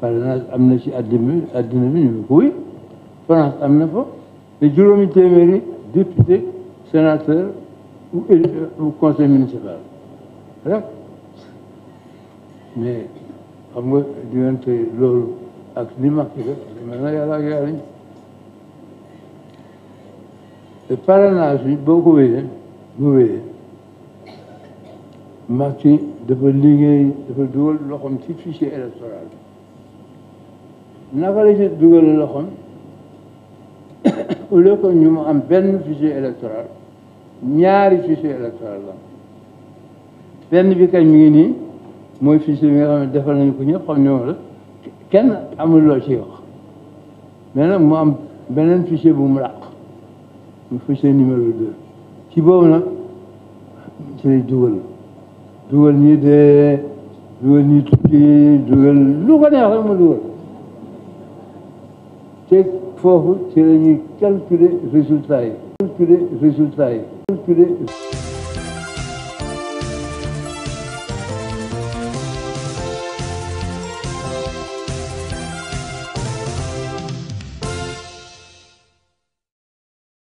parrainage am na ci àddina bi àddina bi ñu oui France am na fa te juróomi téeméeri député sénateur ou euh, ou conseil municipal rek mais xam nga diggante loolu ak li Macky def mel na yàlla ak yàlla te parrainage bi boo ko wéyee boo wéyee Macky dafa liggéey dafa dugal loxoom ci fichier électoral naka la ci dugal loxoom au lieu ñu mu am benn fichier électoral ñaari fichier électoral la benn bi kay mi ngi nii mooy fichier bi nga xam kenn amul loo ciy wax mais mu am beneen fichier bu mu làq mu fichier numéro 2 ci boobu nag ci lay dugal dugal ñii dee dugal ñii tukki dugal lu ko neex mu dugal te foofu ci la ñuy calculer résultat yi calculer résultat yi calculer